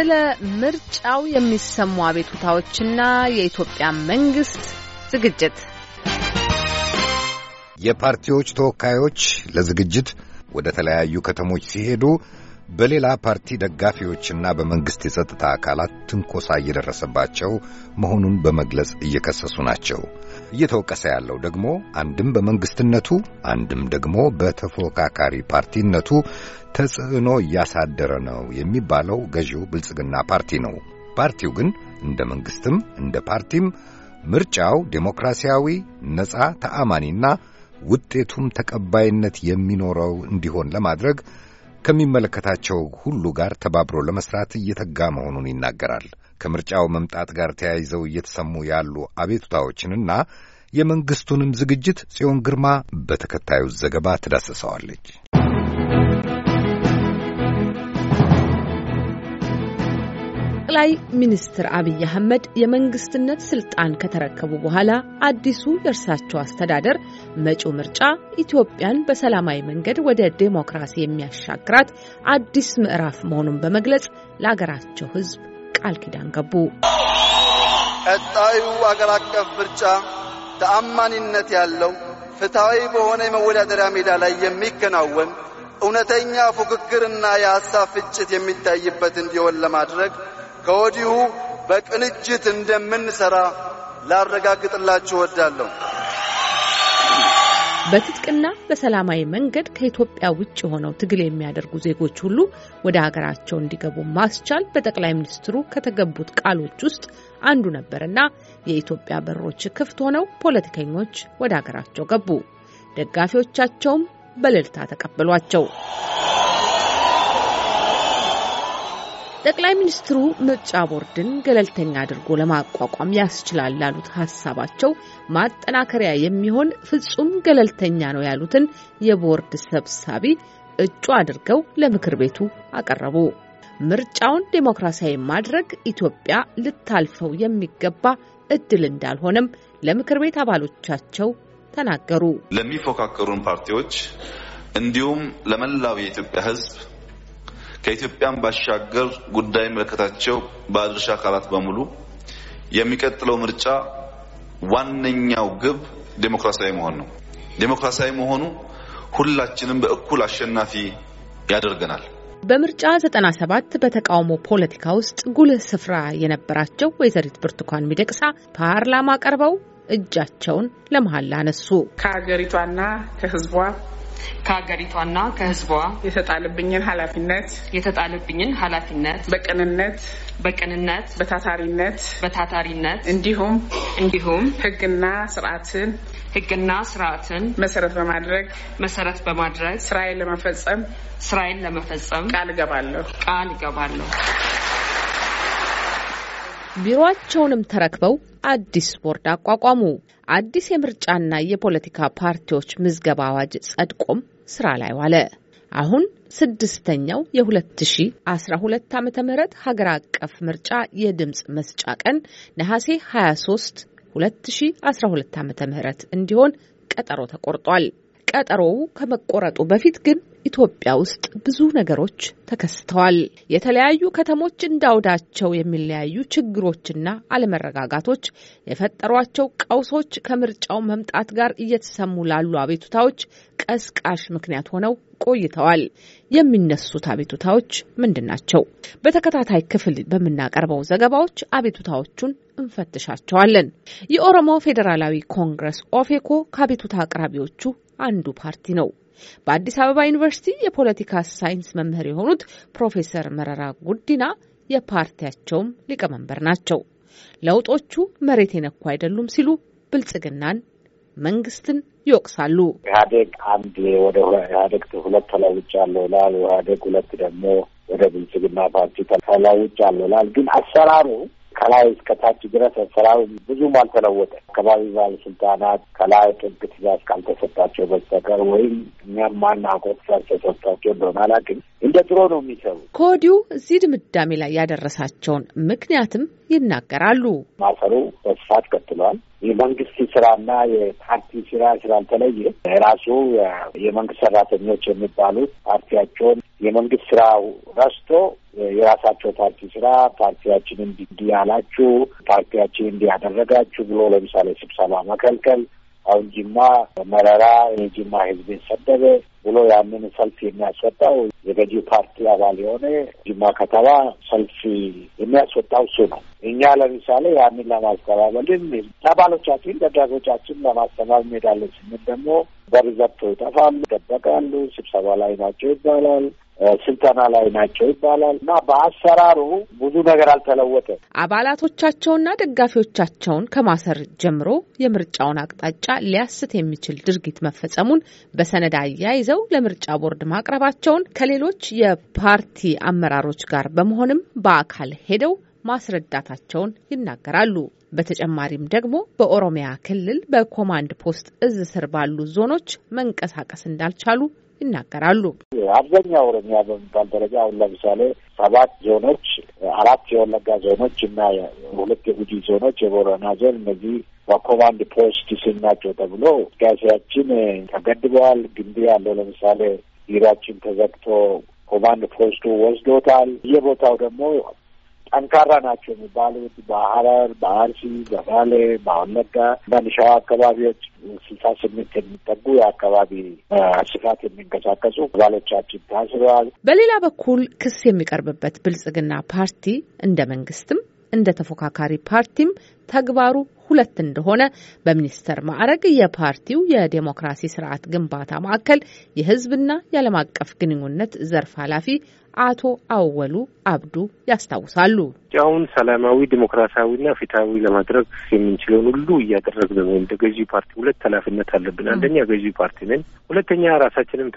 ስለ ምርጫው የሚሰሙ አቤቱታዎችና የኢትዮጵያ መንግስት ዝግጅት የፓርቲዎች ተወካዮች ለዝግጅት ወደ ተለያዩ ከተሞች ሲሄዱ በሌላ ፓርቲ ደጋፊዎችና በመንግሥት የጸጥታ አካላት ትንኮሳ እየደረሰባቸው መሆኑን በመግለጽ እየከሰሱ ናቸው። እየተወቀሰ ያለው ደግሞ አንድም በመንግሥትነቱ አንድም ደግሞ በተፎካካሪ ፓርቲነቱ ተጽዕኖ እያሳደረ ነው የሚባለው ገዢው ብልጽግና ፓርቲ ነው። ፓርቲው ግን እንደ መንግሥትም እንደ ፓርቲም ምርጫው ዴሞክራሲያዊ፣ ነፃ፣ ተአማኒና ውጤቱም ተቀባይነት የሚኖረው እንዲሆን ለማድረግ ከሚመለከታቸው ሁሉ ጋር ተባብሮ ለመስራት እየተጋ መሆኑን ይናገራል። ከምርጫው መምጣት ጋር ተያይዘው እየተሰሙ ያሉ አቤቱታዎችንና የመንግስቱንም ዝግጅት ጽዮን ግርማ በተከታዩ ዘገባ ትዳስሰዋለች። ጠቅላይ ሚኒስትር አብይ አህመድ የመንግስትነት ስልጣን ከተረከቡ በኋላ አዲሱ የእርሳቸው አስተዳደር መጪው ምርጫ ኢትዮጵያን በሰላማዊ መንገድ ወደ ዴሞክራሲ የሚያሻግራት አዲስ ምዕራፍ መሆኑን በመግለጽ ለአገራቸው ሕዝብ ቃል ኪዳን ገቡ። ቀጣዩ አገር አቀፍ ምርጫ ተአማኒነት ያለው ፍትሐዊ በሆነ የመወዳደሪያ ሜዳ ላይ የሚከናወን እውነተኛ ፉክክርና የሐሳብ ፍጭት የሚታይበት እንዲሆን ለማድረግ ከወዲሁ በቅንጅት እንደምንሰራ ላረጋግጥላችሁ እወዳለሁ። በትጥቅና በሰላማዊ መንገድ ከኢትዮጵያ ውጭ ሆነው ትግል የሚያደርጉ ዜጎች ሁሉ ወደ ሀገራቸው እንዲገቡ ማስቻል በጠቅላይ ሚኒስትሩ ከተገቡት ቃሎች ውስጥ አንዱ ነበርና የኢትዮጵያ በሮች ክፍት ሆነው ፖለቲከኞች ወደ ሀገራቸው ገቡ። ደጋፊዎቻቸውም በልልታ ተቀበሏቸው። ጠቅላይ ሚኒስትሩ ምርጫ ቦርድን ገለልተኛ አድርጎ ለማቋቋም ያስችላል ላሉት ሀሳባቸው ማጠናከሪያ የሚሆን ፍጹም ገለልተኛ ነው ያሉትን የቦርድ ሰብሳቢ እጩ አድርገው ለምክር ቤቱ አቀረቡ። ምርጫውን ዴሞክራሲያዊ ማድረግ ኢትዮጵያ ልታልፈው የሚገባ እድል እንዳልሆነም ለምክር ቤት አባሎቻቸው ተናገሩ። ለሚፎካከሩን ፓርቲዎች እንዲሁም ለመላው የኢትዮጵያ ሕዝብ ከኢትዮጵያም ባሻገር ጉዳይ መለከታቸው ባለድርሻ አካላት በሙሉ የሚቀጥለው ምርጫ ዋነኛው ግብ ዴሞክራሲያዊ መሆን ነው። ዴሞክራሲያዊ መሆኑ ሁላችንም በእኩል አሸናፊ ያደርገናል። በምርጫ 97 በተቃውሞ ፖለቲካ ውስጥ ጉልህ ስፍራ የነበራቸው ወይዘሪት ብርቱካን ሚደቅሳ ፓርላማ ቀርበው እጃቸውን ለመሀል አነሱ። ከሀገሪቷና ከሕዝቧ ከሀገሪቷና ከህዝቧ የተጣለብኝን ኃላፊነት የተጣለብኝን ኃላፊነት በቅንነት በቅንነት በታታሪነት በታታሪነት እንዲሁም እንዲሁም ህግና ስርዓትን ህግና ስርዓትን መሰረት በማድረግ መሰረት በማድረግ ስራዬን ለመፈጸም ስራዬን ለመፈጸም ቃል እገባለሁ ቃል እገባለሁ። ቢሮአቸውንም ተረክበው አዲስ ቦርድ አቋቋሙ። አዲስ የምርጫና የፖለቲካ ፓርቲዎች ምዝገባ አዋጅ ጸድቆም ስራ ላይ ዋለ። አሁን ስድስተኛው የ2012 ዓ ም ሀገር አቀፍ ምርጫ የድምፅ መስጫ ቀን ነሐሴ 23 2012 ዓ ም እንዲሆን ቀጠሮ ተቆርጧል። ቀጠሮው ከመቆረጡ በፊት ግን ኢትዮጵያ ውስጥ ብዙ ነገሮች ተከስተዋል። የተለያዩ ከተሞች እንዳውዳቸው የሚለያዩ ችግሮችና አለመረጋጋቶች የፈጠሯቸው ቀውሶች ከምርጫው መምጣት ጋር እየተሰሙ ላሉ አቤቱታዎች ቀስቃሽ ምክንያት ሆነው ቆይተዋል። የሚነሱት አቤቱታዎች ምንድን ናቸው? በተከታታይ ክፍል በምናቀርበው ዘገባዎች አቤቱታዎቹን እንፈትሻቸዋለን። የኦሮሞ ፌዴራላዊ ኮንግረስ ኦፌኮ ከአቤቱታ አቅራቢዎቹ አንዱ ፓርቲ ነው። በአዲስ አበባ ዩኒቨርሲቲ የፖለቲካ ሳይንስ መምህር የሆኑት ፕሮፌሰር መረራ ጉዲና የፓርቲያቸውም ሊቀመንበር ናቸው። ለውጦቹ መሬት የነኩ አይደሉም ሲሉ ብልጽግናን መንግስትን ይወቅሳሉ። ኢህአዴግ አንድ ወደ ኢህአዴግ ሁለት ተለውጫለሁ ይላል። ኢህአዴግ ሁለት ደግሞ ወደ ብልጽግና ፓርቲ ተለውጫለሁ ይላል። ግን አሰራሩ ከላይ እስከታች ድረስ አሰራሩ ብዙም አልተለወጠ። አካባቢ ባለስልጣናት ከላይ ጥብቅ ትእዛዝ ካልተሰጣቸው በስተቀር ወይም እኛም ማናውቀው ትእዛዝ ተሰጥቷቸው እንደሆነ አላውቅም፣ እንደ ድሮ ነው የሚሰሩ። ከወዲሁ እዚህ ድምዳሜ ላይ ያደረሳቸውን ምክንያትም ይናገራሉ። ማሰሩ በስፋት ቀጥሏል። የመንግስት ስራና የፓርቲ ስራ ስላልተለየ ራሱ የመንግስት ሰራተኞች የሚባሉት ፓርቲያቸውን የመንግስት ስራ ረስቶ የራሳቸው ፓርቲ ስራ ፓርቲያችን እንዲህ ያላችሁ ፓርቲያችን እንዲህ ያደረጋችሁ ብሎ ለምሳሌ ስብሰባ መከልከል አሁን ጅማ መረራ የጅማ ህዝብን ሰደበ ብሎ ያንን ሰልፍ የሚያስወጣው የገዢ ፓርቲ አባል የሆነ ጅማ ከተማ ሰልፍ የሚያስወጣው እሱ ነው። እኛ ለምሳሌ ያንን ለማስተባበልን አባሎቻችን፣ ደጋጎቻችን ለማስተባበል እንሄዳለን ስንል ደግሞ በሪዘርቶ ይጠፋሉ፣ ይጠበቃሉ፣ ስብሰባ ላይ ናቸው ይባላል። ስልጠና ላይ ናቸው ይባላል እና በአሰራሩ ብዙ ነገር አልተለወጠ አባላቶቻቸውና ደጋፊዎቻቸውን ከማሰር ጀምሮ የምርጫውን አቅጣጫ ሊያስት የሚችል ድርጊት መፈጸሙን በሰነድ አያይዘው ለምርጫ ቦርድ ማቅረባቸውን ከሌሎች የፓርቲ አመራሮች ጋር በመሆንም በአካል ሄደው ማስረዳታቸውን ይናገራሉ። በተጨማሪም ደግሞ በኦሮሚያ ክልል በኮማንድ ፖስት እዝ ስር ባሉ ዞኖች መንቀሳቀስ እንዳልቻሉ ይናገራሉ። አብዛኛው ኦሮሚያ በሚባል ደረጃ አሁን ለምሳሌ ሰባት ዞኖች፣ አራት የወለጋ ዞኖች እና ሁለት የጉጂ ዞኖች፣ የቦረና ዞን እነዚህ በኮማንድ ፖስት ስም ናቸው ተብሎ ጋሴያችን ተገድበዋል። ግንቢ ያለው ለምሳሌ ቢሯችን ተዘግቶ ኮማንድ ፖስቱ ወስዶታል። በየቦታው ደግሞ ጠንካራ ናቸው የሚባሉት በሀረር፣ በአርሲ፣ በባሌ፣ በወለጋ በንሻዋ አካባቢዎች ስልሳ ስምንት የሚጠጉ የአካባቢ ስፋት የሚንቀሳቀሱ ባሎቻችን ታስረዋል። በሌላ በኩል ክስ የሚቀርብበት ብልጽግና ፓርቲ እንደ መንግስትም እንደ ተፎካካሪ ፓርቲም ተግባሩ ሁለት እንደሆነ በሚኒስተር ማዕረግ የፓርቲው የዴሞክራሲ ስርዓት ግንባታ ማዕከል የህዝብና የዓለም አቀፍ ግንኙነት ዘርፍ ኃላፊ አቶ አወሉ አብዱ ያስታውሳሉ። ምርጫውን ሰላማዊ ዲሞክራሲያዊና ፍትሐዊ ለማድረግ የምንችለውን ሁሉ እያደረግን ነው። እንደ ገዢ ፓርቲ ሁለት ኃላፊነት አለብን። አንደኛ ገዢ ፓርቲ ነን፣ ሁለተኛ ራሳችንም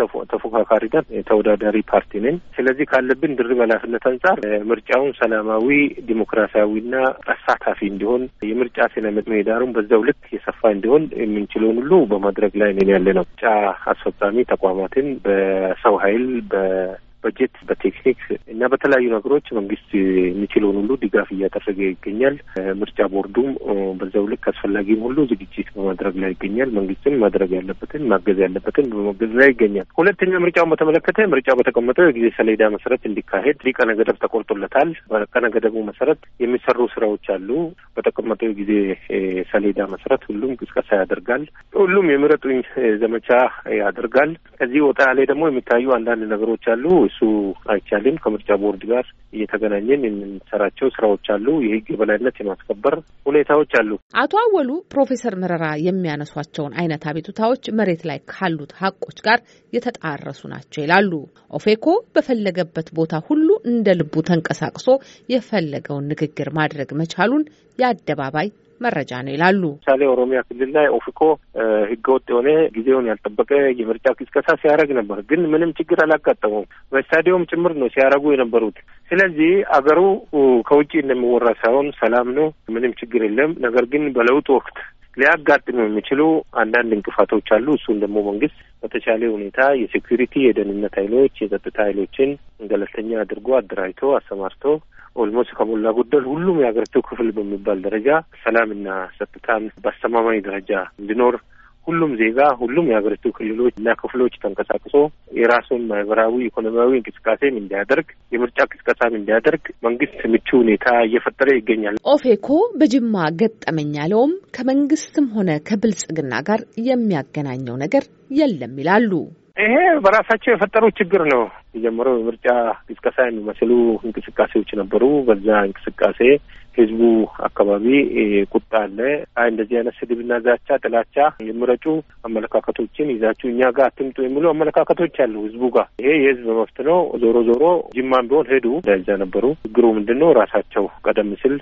ነን፣ ተወዳዳሪ ፓርቲ ነን። ስለዚህ ካለብን ድርብ ኃላፊነት አንጻር ምርጫውን ሰላማዊ ዲሞክራሲያዊና አሳታፊ እንዲሆን የምርጫ ስነ ትልቅ ምህዳሩን በዛው ልክ የሰፋ እንዲሆን የምንችለውን ሁሉ በማድረግ ላይ ነን ያለ ነው። ጫ አስፈጻሚ ተቋማትን በሰው ኃይል፣ በጀት በቴክኒክ እና በተለያዩ ነገሮች መንግስት የሚችለውን ሁሉ ድጋፍ እያደረገ ይገኛል። ምርጫ ቦርዱም በዛው ልክ አስፈላጊም ሁሉ ዝግጅት በማድረግ ላይ ይገኛል። መንግስትን ማድረግ ያለበትን ማገዝ ያለበትን በማገዝ ላይ ይገኛል። ሁለተኛ ምርጫውን በተመለከተ ምርጫው በተቀመጠው የጊዜ ሰሌዳ መሰረት እንዲካሄድ ቀነ ገደብ ተቆርጦለታል። በቀነ ገደቡ መሰረት የሚሰሩ ስራዎች አሉ። በተቀመጠው የጊዜ ሰሌዳ መሰረት ሁሉም ቅስቀሳ ያደርጋል። ሁሉም የምረጡኝ ዘመቻ ያደርጋል። ከዚህ ወጣ ላይ ደግሞ የሚታዩ አንዳንድ ነገሮች አሉ። እሱ አይቻልም። ከምርጫ ቦርድ ጋር እየተገናኘን የምንሰራቸው ስራዎች አሉ። የህግ የበላይነት የማስከበር ሁኔታዎች አሉ። አቶ አወሉ ፕሮፌሰር መረራ የሚያነሷቸውን አይነት አቤቱታዎች መሬት ላይ ካሉት ሀቆች ጋር የተጣረሱ ናቸው ይላሉ። ኦፌኮ በፈለገበት ቦታ ሁሉ እንደ ልቡ ተንቀሳቅሶ የፈለገውን ንግግር ማድረግ መቻሉን የአደባባይ መረጃ ነው ይላሉ። ምሳሌ ኦሮሚያ ክልል ላይ ኦፊኮ ህገወጥ የሆነ ጊዜውን ያልጠበቀ የምርጫ ቅስቀሳ ሲያደርግ ነበር፣ ግን ምንም ችግር አላጋጠመውም። በስታዲየም ጭምር ነው ሲያደርጉ የነበሩት። ስለዚህ አገሩ ከውጭ እንደሚወራ ሳይሆን ሰላም ነው፣ ምንም ችግር የለም። ነገር ግን በለውጥ ወቅት ሊያጋጥሙ የሚችሉ አንዳንድ እንቅፋቶች አሉ። እሱን ደግሞ መንግስት በተቻለ ሁኔታ የሴኩሪቲ የደህንነት ኃይሎች የጸጥታ ኃይሎችን ገለልተኛ አድርጎ አደራጅቶ አሰማርቶ ኦልሞስት ከሞላ ጎደል ሁሉም የሀገሪቱ ክፍል በሚባል ደረጃ ሰላምና ጸጥታን በአስተማማኝ ደረጃ እንዲኖር ሁሉም ዜጋ ሁሉም የሀገሪቱ ክልሎች እና ክፍሎች ተንቀሳቅሶ የራሱን ማህበራዊ ኢኮኖሚያዊ እንቅስቃሴም እንዲያደርግ የምርጫ ቅስቀሳም እንዲያደርግ መንግስት ምቹ ሁኔታ እየፈጠረ ይገኛል። ኦፌኮ በጅማ ገጠመኝ ያለውም ከመንግስትም ሆነ ከብልጽግና ጋር የሚያገናኘው ነገር የለም ይላሉ። ይሄ በራሳቸው የፈጠሩ ችግር ነው። የጀመረው የምርጫ ቅስቀሳ የሚመስሉ እንቅስቃሴዎች ነበሩ። በዛ እንቅስቃሴ ህዝቡ አካባቢ ቁጣ አለ። አይ እንደዚህ አይነት ስድብና ዛቻ፣ ጥላቻ የምረጩ አመለካከቶችን ይዛችሁ እኛ ጋር አትምጡ የሚሉ አመለካከቶች አሉ ህዝቡ ጋር። ይሄ የህዝብ መብት ነው። ዞሮ ዞሮ ጅማን ቢሆን ሄዱ ለዛ ነበሩ። ችግሩ ምንድን ነው? ራሳቸው ቀደም ሲል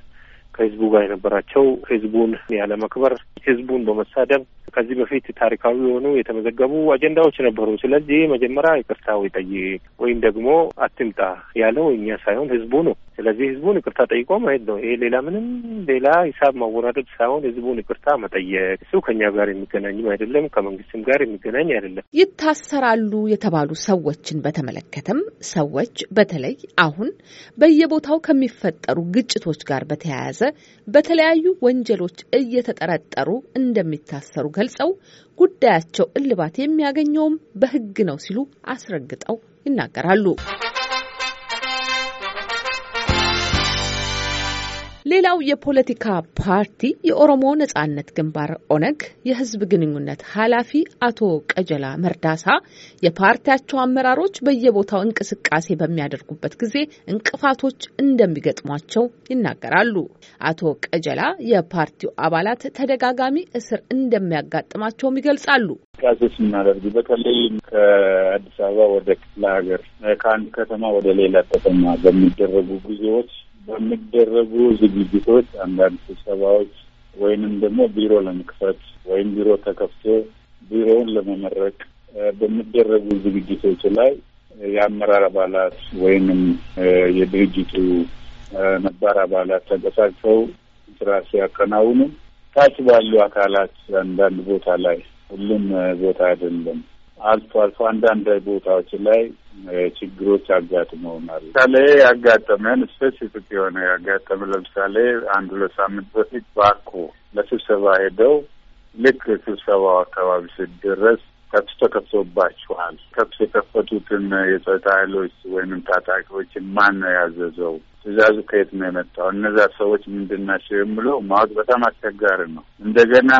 ከህዝቡ ጋር የነበራቸው ህዝቡን ያለመክበር፣ ህዝቡን በመሳደብ ከዚህ በፊት ታሪካዊ የሆኑ የተመዘገቡ አጀንዳዎች ነበሩ። ስለዚህ መጀመሪያ ይቅርታ ይጠይቅ ወይም ደግሞ አትምጣ ያለው እኛ ሳይሆን ህዝቡ ነው። ስለዚህ ህዝቡን ይቅርታ ጠይቆ ማየት ነው። ይሄ ሌላ ምንም ሌላ ሂሳብ ማወራደድ ሳይሆን ህዝቡን ይቅርታ መጠየቅ። እሱ ከኛ ጋር የሚገናኝም አይደለም፣ ከመንግስትም ጋር የሚገናኝ አይደለም። ይታሰራሉ የተባሉ ሰዎችን በተመለከተም ሰዎች በተለይ አሁን በየቦታው ከሚፈጠሩ ግጭቶች ጋር በተያያዘ በተለያዩ ወንጀሎች እየተጠረጠሩ እንደሚታሰሩ ገልጸው ጉዳያቸው እልባት የሚያገኘውም በህግ ነው ሲሉ አስረግጠው ይናገራሉ። ሌላው የፖለቲካ ፓርቲ የኦሮሞ ነጻነት ግንባር ኦነግ የህዝብ ግንኙነት ኃላፊ አቶ ቀጀላ መርዳሳ የፓርቲያቸው አመራሮች በየቦታው እንቅስቃሴ በሚያደርጉበት ጊዜ እንቅፋቶች እንደሚገጥሟቸው ይናገራሉ። አቶ ቀጀላ የፓርቲው አባላት ተደጋጋሚ እስር እንደሚያጋጥማቸውም ይገልጻሉ። እንቅስቃሴ ስናደርግ በተለይ ከአዲስ አበባ ወደ ክፍለ ሀገር ከአንድ ከተማ ወደ ሌላ ከተማ በሚደረጉ ጉዞዎች በሚደረጉ ዝግጅቶች፣ አንዳንድ ስብሰባዎች ወይንም ደግሞ ቢሮ ለመክፈት ወይም ቢሮ ተከፍቶ ቢሮውን ለመመረቅ በሚደረጉ ዝግጅቶች ላይ የአመራር አባላት ወይንም የድርጅቱ ነባር አባላት ተንቀሳቅሰው ስራ ሲያከናውኑ ታች ባሉ አካላት አንዳንድ ቦታ ላይ ሁሉም ቦታ አይደለም፣ አልፎ አልፎ አንዳንድ ቦታዎች ላይ ችግሮች አጋጥመውናል። ምሳሌ ያጋጠመን ስፔሲፊክ የሆነ ያጋጠመ ለምሳሌ አንድ ሁለት ሳምንት በፊት ባኩ ለስብሰባ ሄደው ልክ ስብሰባው አካባቢ ስደረስ ተኩስ ተከፍቶባችኋል። ተኩስ የከፈቱትን የጸጥታ ኃይሎች ወይም ታጣቂዎችን ማን ነው ያዘዘው? ትእዛዙ ከየት ነው የመጣው? እነዛ ሰዎች ምንድን ናቸው የሚለው ማወቅ በጣም አስቸጋሪ ነው። እንደገና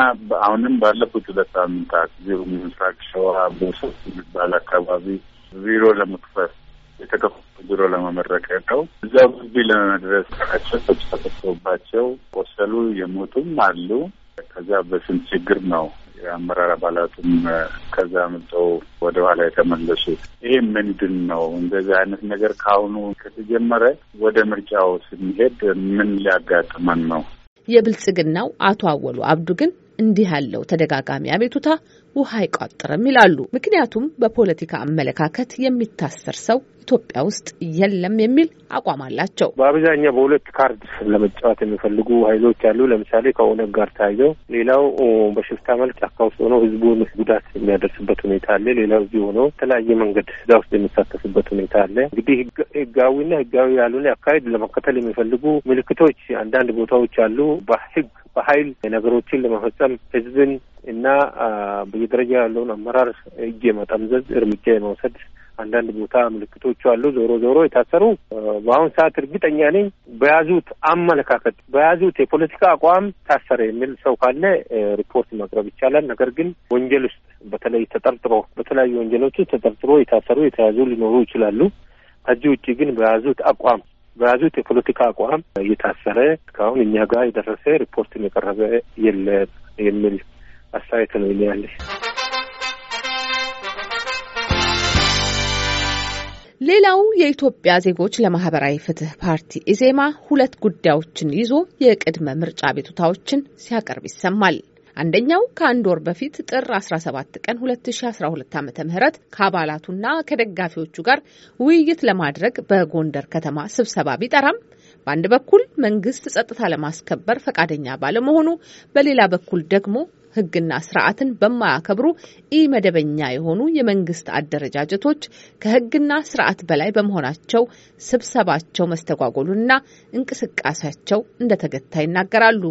አሁንም ባለፉት ሁለት ሳምንታት ዚሩ ምስራቅ ሸዋ ቦሶ የሚባል አካባቢ ቢሮ ለመክፈት የተከፈቱ ቢሮ ለመመረቅ ያለው እዛ ግቢ ለመድረስ ቸው ተሰባሰቡባቸው ቆሰሉ፣ የሞቱም አሉ። ከዛ በስንት ችግር ነው የአመራር አባላቱም ከዛ ምጠው ወደ ኋላ የተመለሱት። ይህ ምንድን ነው? እንደዚህ አይነት ነገር ከአሁኑ ከተጀመረ ወደ ምርጫው ስንሄድ ምን ሊያጋጥመን ነው? የብልጽግናው አቶ አወሉ አብዱ ግን እንዲህ ያለው ተደጋጋሚ አቤቱታ ውሃ አይቋጥርም ይላሉ። ምክንያቱም በፖለቲካ አመለካከት የሚታሰር ሰው ኢትዮጵያ ውስጥ የለም የሚል አቋም አላቸው። በአብዛኛው በሁለት ካርድ ለመጫወት የሚፈልጉ ኃይሎች አሉ። ለምሳሌ ከኦነግ ጋር ተያይዘው፣ ሌላው በሽፍታ መልክ ጫካ ውስጥ ሆኖ ህዝቡን ጉዳት የሚያደርስበት ሁኔታ አለ። ሌላው እዚህ ሆኖ የተለያየ መንገድ እዛ ውስጥ የሚሳተፍበት ሁኔታ አለ። እንግዲህ ህጋዊና ህጋዊ ያልሆነ አካሄድ ለመከተል የሚፈልጉ ምልክቶች አንዳንድ ቦታዎች አሉ። በህግ በኃይል ነገሮችን ለመፈጸም ህዝብን እና በየደረጃ ያለውን አመራር እጅ የመጠምዘዝ እርምጃ የመውሰድ አንዳንድ ቦታ ምልክቶቹ አሉ። ዞሮ ዞሮ የታሰሩ በአሁን ሰዓት እርግጠኛ ነኝ በያዙት አመለካከት በያዙት የፖለቲካ አቋም ታሰረ የሚል ሰው ካለ ሪፖርት ማቅረብ ይቻላል። ነገር ግን ወንጀል ውስጥ በተለይ ተጠርጥሮ በተለያዩ ወንጀሎች ተጠርጥሮ የታሰሩ የተያዙ ሊኖሩ ይችላሉ። ከዚህ ውጭ ግን በያዙት አቋም በያዙት የፖለቲካ አቋም እየታሰረ እስካሁን እኛ ጋር የደረሰ ሪፖርትን የቀረበ የለም የሚል አስተያየት ነው ያለ። ሌላው የኢትዮጵያ ዜጎች ለማህበራዊ ፍትህ ፓርቲ ኢዜማ ሁለት ጉዳዮችን ይዞ የቅድመ ምርጫ ቤቱታዎችን ሲያቀርብ ይሰማል። አንደኛው ከአንድ ወር በፊት ጥር 17 ቀን 2012 ዓ ም ከአባላቱና ከደጋፊዎቹ ጋር ውይይት ለማድረግ በጎንደር ከተማ ስብሰባ ቢጠራም በአንድ በኩል መንግስት ጸጥታ ለማስከበር ፈቃደኛ ባለመሆኑ፣ በሌላ በኩል ደግሞ ህግና ስርዓትን በማያከብሩ ኢ መደበኛ የሆኑ የመንግስት አደረጃጀቶች ከህግና ስርዓት በላይ በመሆናቸው ስብሰባቸው መስተጓጎሉና እንቅስቃሴያቸው እንደተገታ ይናገራሉ።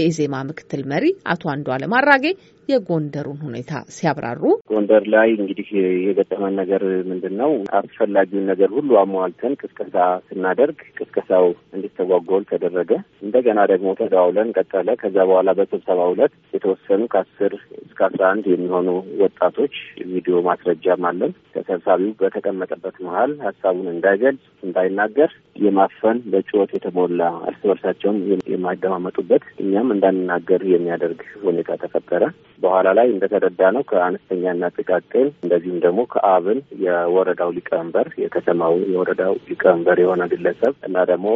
የኢዜማ ምክትል መሪ አቶ አንዱዓለም አራጌ የጎንደሩን ሁኔታ ሲያብራሩ ጎንደር ላይ እንግዲህ የገጠመን ነገር ምንድን ነው? አስፈላጊውን ነገር ሁሉ አሟልተን ቅስቀሳ ስናደርግ ቅስቀሳው እንዲስተጓጎል ተደረገ። እንደገና ደግሞ ተደዋውለን ቀጠለ። ከዛ በኋላ በስብሰባ ሁለት የተወሰኑ ከአስር እስከ አስራ አንድ የሚሆኑ ወጣቶች ቪዲዮ ማስረጃም አለን። ተሰብሳቢው በተቀመጠበት መሀል ሀሳቡን እንዳይገልጽ እንዳይናገር የማፈን በጩኸት የተሞላ እርስ በርሳቸውን የማይደማመጡበት እኛም እንዳንናገር የሚያደርግ ሁኔታ ተፈጠረ። በኋላ ላይ እንደተረዳ ነው ከአነስተኛና ጥቃቅን እንደዚሁም ደግሞ ከአብን የወረዳው ሊቀመንበር የከተማው የወረዳው ሊቀመንበር የሆነ ግለሰብ እና ደግሞ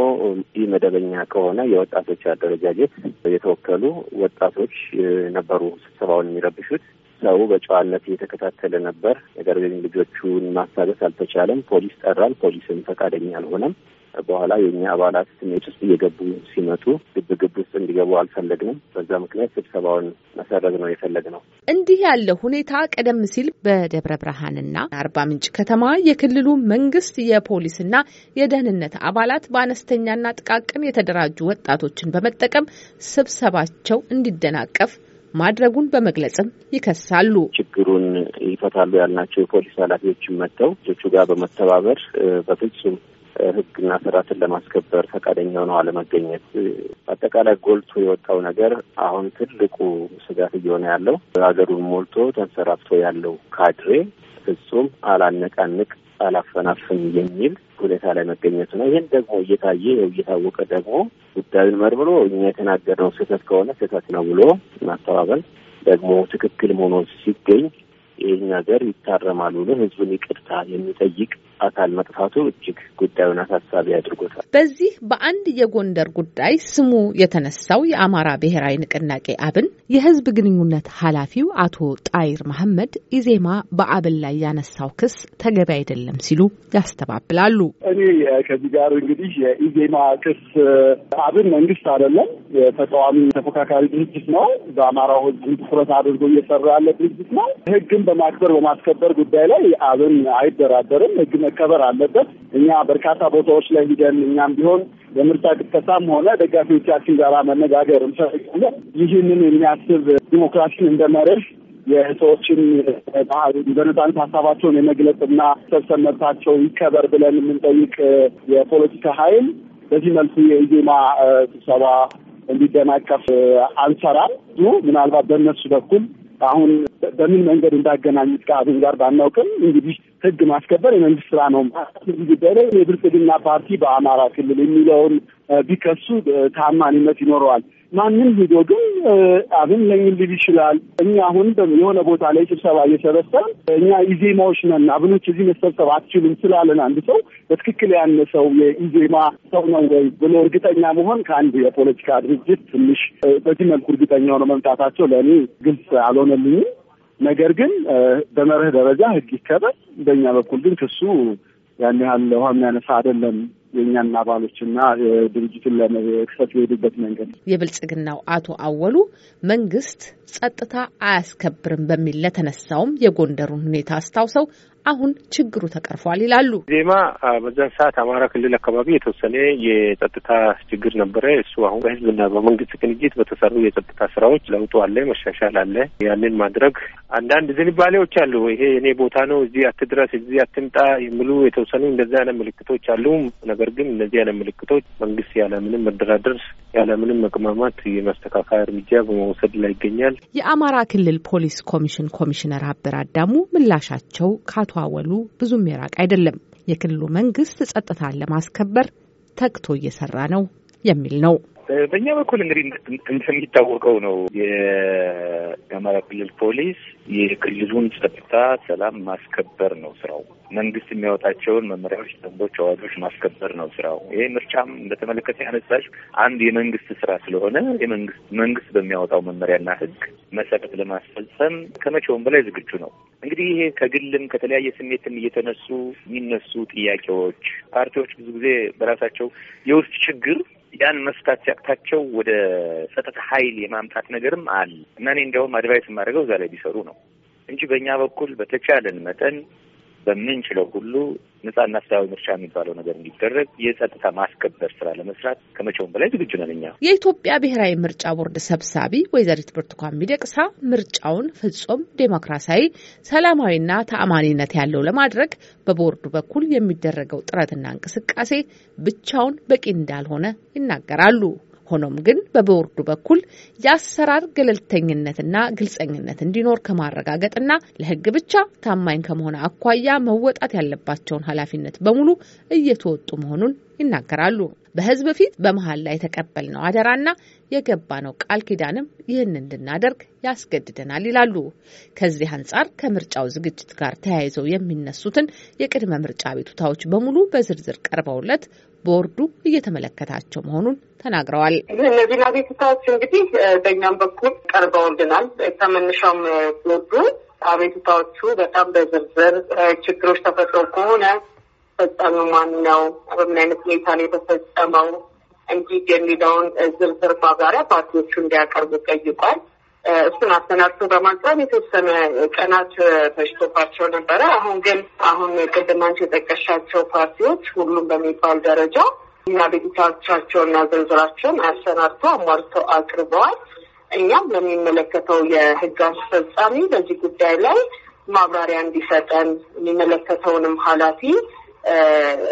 ይህ መደበኛ ከሆነ የወጣቶች አደረጃጀት የተወከሉ ወጣቶች ነበሩ ስብሰባውን የሚረብሹት። ሰው በጨዋነት እየተከታተለ ነበር። ነገር ግን ልጆቹን ማስታገስ አልተቻለም። ፖሊስ ጠራን። ፖሊስም ፈቃደኛ አልሆነም። በኋላ የእኛ አባላት ስሜት ውስጥ እየገቡ ሲመጡ ግብ ውስጥ እንዲገቡ አልፈለግንም። በዛ ምክንያት ስብሰባውን መሰረዝ ነው ነው። እንዲህ ያለ ሁኔታ ቀደም ሲል በደብረ ብርሃንና አርባ ምንጭ ከተማ የክልሉ መንግስት የፖሊስና የደህንነት አባላት በአነስተኛና ጥቃቅን የተደራጁ ወጣቶችን በመጠቀም ስብሰባቸው እንዲደናቀፍ ማድረጉን በመግለጽም ይከሳሉ። ችግሩን ይፈታሉ ያልናቸው የፖሊስ ኃላፊዎችን መጥተው ልጆቹ ጋር በመተባበር በፍጹም ህግና ስርዓትን ለማስከበር ፈቃደኛ ሆነው አለመገኘት፣ አጠቃላይ ጎልቶ የወጣው ነገር አሁን ትልቁ ስጋት እየሆነ ያለው ሀገሩን ሞልቶ ተንሰራፍቶ ያለው ካድሬ ፍጹም አላነቃንቅ አላፈናፍን የሚል ሁኔታ ላይ መገኘቱ ነው። ይህን ደግሞ እየታየ ይኸው እየታወቀ ደግሞ ጉዳዩን መርምሮ እኛ የተናገርነው ስህተት ከሆነ ስህተት ነው ብሎ ማስተባበል ደግሞ ትክክል መሆኖ ሲገኝ ይህን ነገር ይታረማሉ ብሎ ህዝቡን ይቅርታ የሚጠይቅ አካል መጥፋቱ እጅግ ጉዳዩን አሳሳቢ አድርጎታል። በዚህ በአንድ የጎንደር ጉዳይ ስሙ የተነሳው የአማራ ብሔራዊ ንቅናቄ አብን የህዝብ ግንኙነት ኃላፊው አቶ ጣይር መሐመድ ኢዜማ በአብን ላይ ያነሳው ክስ ተገቢ አይደለም ሲሉ ያስተባብላሉ። እኔ ከዚህ ጋር እንግዲህ የኢዜማ ክስ አብን መንግስት አይደለም፣ የተቃዋሚ ተፎካካሪ ድርጅት ነው። በአማራው ህዝብ ትኩረት አድርጎ እየሰራ ያለ ድርጅት ነው። ህግን በማክበር በማስከበር ጉዳይ ላይ አብን አይደራደርም። ህግ መከበር አለበት። እኛ በርካታ ቦታዎች ላይ ሂደን እኛም ቢሆን የምርጫ ቅስቀሳም ሆነ ደጋፊዎቻችን ጋራ መነጋገር እንፈልጋለን። ይህንን የሚያስብ ዲሞክራሲን እንደ መርህ የሰዎችን ባህል በነጻነት ሀሳባቸውን የመግለጽና ሰብሰብ መብታቸው ይከበር ብለን የምንጠይቅ የፖለቲካ ኃይል በዚህ መልኩ የኢዜማ ስብሰባ እንዲደናቀፍ አንሰራም። ምናልባት በእነሱ በኩል አሁን በምን መንገድ እንዳገናኙት ከአብን ጋር ባናውቅም እንግዲህ ህግ ማስከበር የመንግስት ስራ ነው። እዚህ የብልጽግና ፓርቲ በአማራ ክልል የሚለውን ቢከሱ ታማኒነት ይኖረዋል። ማንም ሂዶ ግን አብን ለኝን ሊል ይችላል። እኛ አሁን የሆነ ቦታ ላይ ስብሰባ እየሰበሰብን እኛ ኢዜማዎች ነን አብኖች እዚህ መሰብሰብ አትችሉም ስላለን አንድ ሰው በትክክል ያነ ሰው የኢዜማ ሰው ነው ወይ ብሎ እርግጠኛ መሆን ከአንድ የፖለቲካ ድርጅት ትንሽ በዚህ መልኩ እርግጠኛ ሆነ መምጣታቸው ለእኔ ግልጽ አልሆነልኝም። ነገር ግን በመርህ ደረጃ ህግ ይከበር፣ በእኛ በኩል ግን ክሱ ያን ያህል ውሃ የሚያነሳ አይደለም የእኛን አባሎችና ድርጅቱን ለመክሰት የሄዱበት መንገድ የብልጽግናው አቶ አወሉ መንግስት ጸጥታ አያስከብርም በሚል ለተነሳውም የጎንደሩን ሁኔታ አስታውሰው አሁን ችግሩ ተቀርፏል ይላሉ። ዜማ በዛን ሰዓት አማራ ክልል አካባቢ የተወሰነ የጸጥታ ችግር ነበረ። እሱ አሁን በህዝብና በመንግስት ቅንጅት በተሰሩ የጸጥታ ስራዎች ለውጡ አለ፣ መሻሻል አለ። ያንን ማድረግ አንዳንድ ዝንባሌዎች አሉ። ይሄ እኔ ቦታ ነው፣ እዚህ አትድረስ፣ እዚህ አትምጣ የሚሉ የተወሰኑ እንደዚህ አይነት ምልክቶች አሉ። ነገር ግን እነዚህ አይነት ምልክቶች መንግስት ያለምንም መደራደር ያለምንም መቅማማት የማስተካከያ እርምጃ በመውሰድ ላይ ይገኛል። የአማራ ክልል ፖሊስ ኮሚሽን ኮሚሽነር አበር አዳሙ ምላሻቸው ከአቶ አወሉ ብዙም የራቅ አይደለም። የክልሉ መንግስት ጸጥታን ለማስከበር ተግቶ እየሰራ ነው የሚል ነው። በእኛ በኩል እንግዲህ እንደሚታወቀው ነው የአማራ ክልል ፖሊስ የክልሉን ጸጥታ ሰላም ማስከበር ነው ስራው። መንግስት የሚያወጣቸውን መመሪያዎች፣ ደንቦች፣ አዋጆች ማስከበር ነው ስራው። ይሄ ምርጫም እንደተመለከተ ያነሳሽ አንድ የመንግስት ስራ ስለሆነ የመንግስት መንግስት በሚያወጣው መመሪያና ህግ መሰረት ለማስፈጸም ከመቼውም በላይ ዝግጁ ነው። እንግዲህ ይሄ ከግልም ከተለያየ ስሜትም እየተነሱ የሚነሱ ጥያቄዎች ፓርቲዎች ብዙ ጊዜ በራሳቸው የውስጥ ችግር ያን መፍታት ሲያቅታቸው ወደ ጸጥታ ኃይል የማምጣት ነገርም አለ እና እኔ እንዲያውም አድቫይስ የማደርገው እዛ ላይ ቢሰሩ ነው እንጂ በእኛ በኩል በተቻለን መጠን በምንችለው ሁሉ ነጻና ፍትሃዊ ምርጫ የሚባለው ነገር እንዲደረግ የጸጥታ ማስከበር ስራ ለመስራት ከመቼውም በላይ ዝግጁ ነን። እኛ የኢትዮጵያ ብሔራዊ ምርጫ ቦርድ ሰብሳቢ ወይዘሪት ብርቱካን ሚደቅሳ ምርጫውን ፍጹም ዴሞክራሲያዊ፣ ሰላማዊና ተአማኒነት ያለው ለማድረግ በቦርዱ በኩል የሚደረገው ጥረትና እንቅስቃሴ ብቻውን በቂ እንዳልሆነ ይናገራሉ። ሆኖም ግን በቦርዱ በኩል የአሰራር ገለልተኝነትና ግልጸኝነት እንዲኖር ከማረጋገጥና ለሕግ ብቻ ታማኝ ከመሆን አኳያ መወጣት ያለባቸውን ኃላፊነት በሙሉ እየተወጡ መሆኑን ይናገራሉ። በህዝብ ፊት በመሀል ላይ የተቀበልነው አደራና የገባነው ቃል ኪዳንም ይህን እንድናደርግ ያስገድደናል ይላሉ። ከዚህ አንጻር ከምርጫው ዝግጅት ጋር ተያይዘው የሚነሱትን የቅድመ ምርጫ ቤቱታዎች በሙሉ በዝርዝር ቀርበውለት ቦርዱ እየተመለከታቸው መሆኑን ተናግረዋል። እነዚህን አቤቱታዎች እንግዲህ በእኛም በኩል ቀርበውልናል። ከመነሻውም ወዱ አቤቱታዎቹ በጣም በዝርዝር ችግሮች ተፈጥሮ ከሆነ ፈጻሚ ማን ነው፣ በምን አይነት ሁኔታ ነው የተፈጸመው እንዲህ የሚለውን ዝርዝር ማብራሪያ ፓርቲዎቹ እንዲያቀርቡ ጠይቋል። እሱን አሰናድቶ በማቅረብ የተወሰነ ቀናት ፈጅቶባቸው ነበረ። አሁን ግን አሁን ቅድም አንቺ የጠቀሻቸው ፓርቲዎች ሁሉም በሚባል ደረጃ እና ቤተሰቦቻቸውና ዝርዝራቸውን አሰናድተው አሟልተው አቅርበዋል። እኛም ለሚመለከተው የህግ አስፈጻሚ በዚህ ጉዳይ ላይ ማብራሪያ እንዲሰጠን የሚመለከተውንም ኃላፊ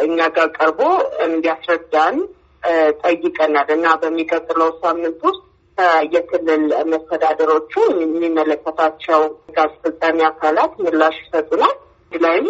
እኛ ጋር ቀርቦ እንዲያስረዳን ጠይቀናል እና በሚቀጥለው ሳምንት ውስጥ የክልል መስተዳደሮቹ የሚመለከታቸው ህግ አስፈጻሚ አካላት ምላሽ ይሰጡናል ላይም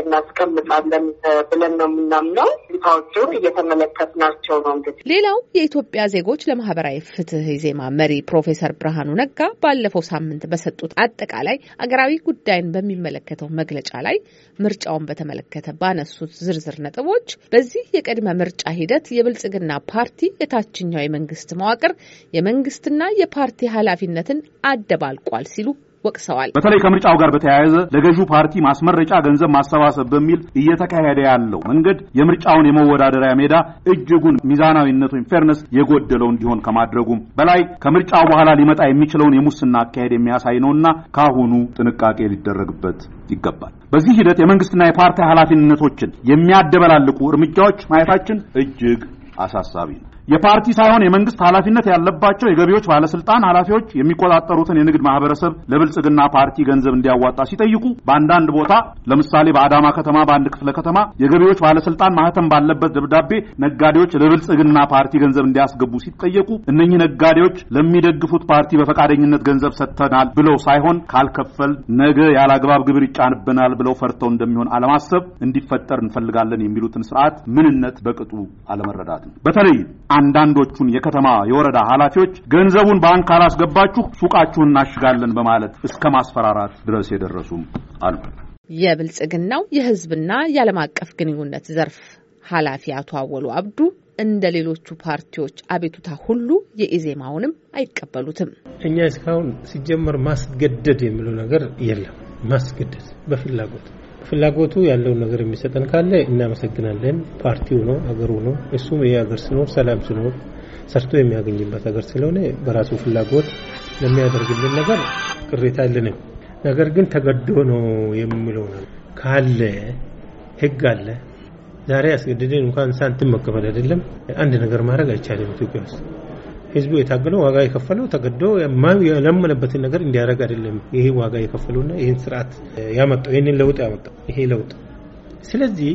እናስቀምጣለን ብለን ነው የምናምነው። ሁኔታዎቹን እየተመለከትናቸው ነው። እንግዲህ ሌላው የኢትዮጵያ ዜጎች ለማህበራዊ ፍትህ ኢዜማ መሪ ፕሮፌሰር ብርሃኑ ነጋ ባለፈው ሳምንት በሰጡት አጠቃላይ አገራዊ ጉዳይን በሚመለከተው መግለጫ ላይ ምርጫውን በተመለከተ ባነሱት ዝርዝር ነጥቦች በዚህ የቅድመ ምርጫ ሂደት የብልጽግና ፓርቲ የታችኛው የመንግስት መዋቅር የመንግስትና የፓርቲ ኃላፊነትን አደባልቋል ሲሉ ወቅሰዋል። በተለይ ከምርጫው ጋር በተያያዘ ለገዢው ፓርቲ ማስመረጫ ገንዘብ ማሰባሰብ በሚል እየተካሄደ ያለው መንገድ የምርጫውን የመወዳደሪያ ሜዳ እጅጉን ሚዛናዊነት ወይም ፌርነስ የጎደለው እንዲሆን ከማድረጉም በላይ ከምርጫው በኋላ ሊመጣ የሚችለውን የሙስና አካሄድ የሚያሳይ ነውና ካሁኑ ጥንቃቄ ሊደረግበት ይገባል። በዚህ ሂደት የመንግስትና የፓርቲ ኃላፊነቶችን የሚያደበላልቁ እርምጃዎች ማየታችን እጅግ አሳሳቢ ነው። የፓርቲ ሳይሆን የመንግስት ኃላፊነት ያለባቸው የገቢዎች ባለስልጣን ኃላፊዎች የሚቆጣጠሩትን የንግድ ማህበረሰብ ለብልጽግና ፓርቲ ገንዘብ እንዲያዋጣ ሲጠይቁ በአንዳንድ ቦታ ለምሳሌ በአዳማ ከተማ በአንድ ክፍለ ከተማ የገቢዎች ባለስልጣን ማህተም ባለበት ደብዳቤ ነጋዴዎች ለብልጽግና ፓርቲ ገንዘብ እንዲያስገቡ ሲጠየቁ እነኚህ ነጋዴዎች ለሚደግፉት ፓርቲ በፈቃደኝነት ገንዘብ ሰጥተናል ብለው ሳይሆን ካልከፈል ነገ ያለአግባብ ግብር ይጫንብናል ብለው ፈርተው እንደሚሆን አለማሰብ እንዲፈጠር እንፈልጋለን የሚሉትን ስርዓት ምንነት በቅጡ አለመረዳት ነው። በተለይ አንዳንዶቹን የከተማ የወረዳ ኃላፊዎች ገንዘቡን ባንክ አላስገባችሁ ሱቃችሁን እናሽጋለን በማለት እስከ ማስፈራራት ድረስ የደረሱም አሉ። የብልጽግናው የህዝብና የዓለም አቀፍ ግንኙነት ዘርፍ ኃላፊ አቶ አወሉ አብዱ እንደ ሌሎቹ ፓርቲዎች አቤቱታ ሁሉ የኢዜማውንም አይቀበሉትም። እኛ እስካሁን ሲጀመር ማስገደድ የሚለው ነገር የለም። ማስገደድ በፍላጎት ፍላጎቱ ያለውን ነገር የሚሰጠን ካለ እናመሰግናለን። ፓርቲው ነው፣ አገሩ ነው። እሱም ይሄ ሀገር ስኖር ሰላም ስኖር ሰርቶ የሚያገኝበት ሀገር ስለሆነ በራሱ ፍላጎት ለሚያደርግልን ነገር ቅሬታ የለንም። ነገር ግን ተገዶ ነው የሚለው ነው። ካለ ህግ አለ። ዛሬ አስገድደን እንኳን ሳንቲም መከፈል አይደለም አንድ ነገር ማድረግ አይቻልም ኢትዮጵያ ውስጥ ህዝቡ የታገለው ዋጋ የከፈለው ተገዶ የለመነበትን ነገር እንዲያደርግ አይደለም። ይሄ ዋጋ የከፈለውና ይህን ስርዓት ያመጣው ይህንን ለውጥ ያመጣው ይሄ ለውጥ። ስለዚህ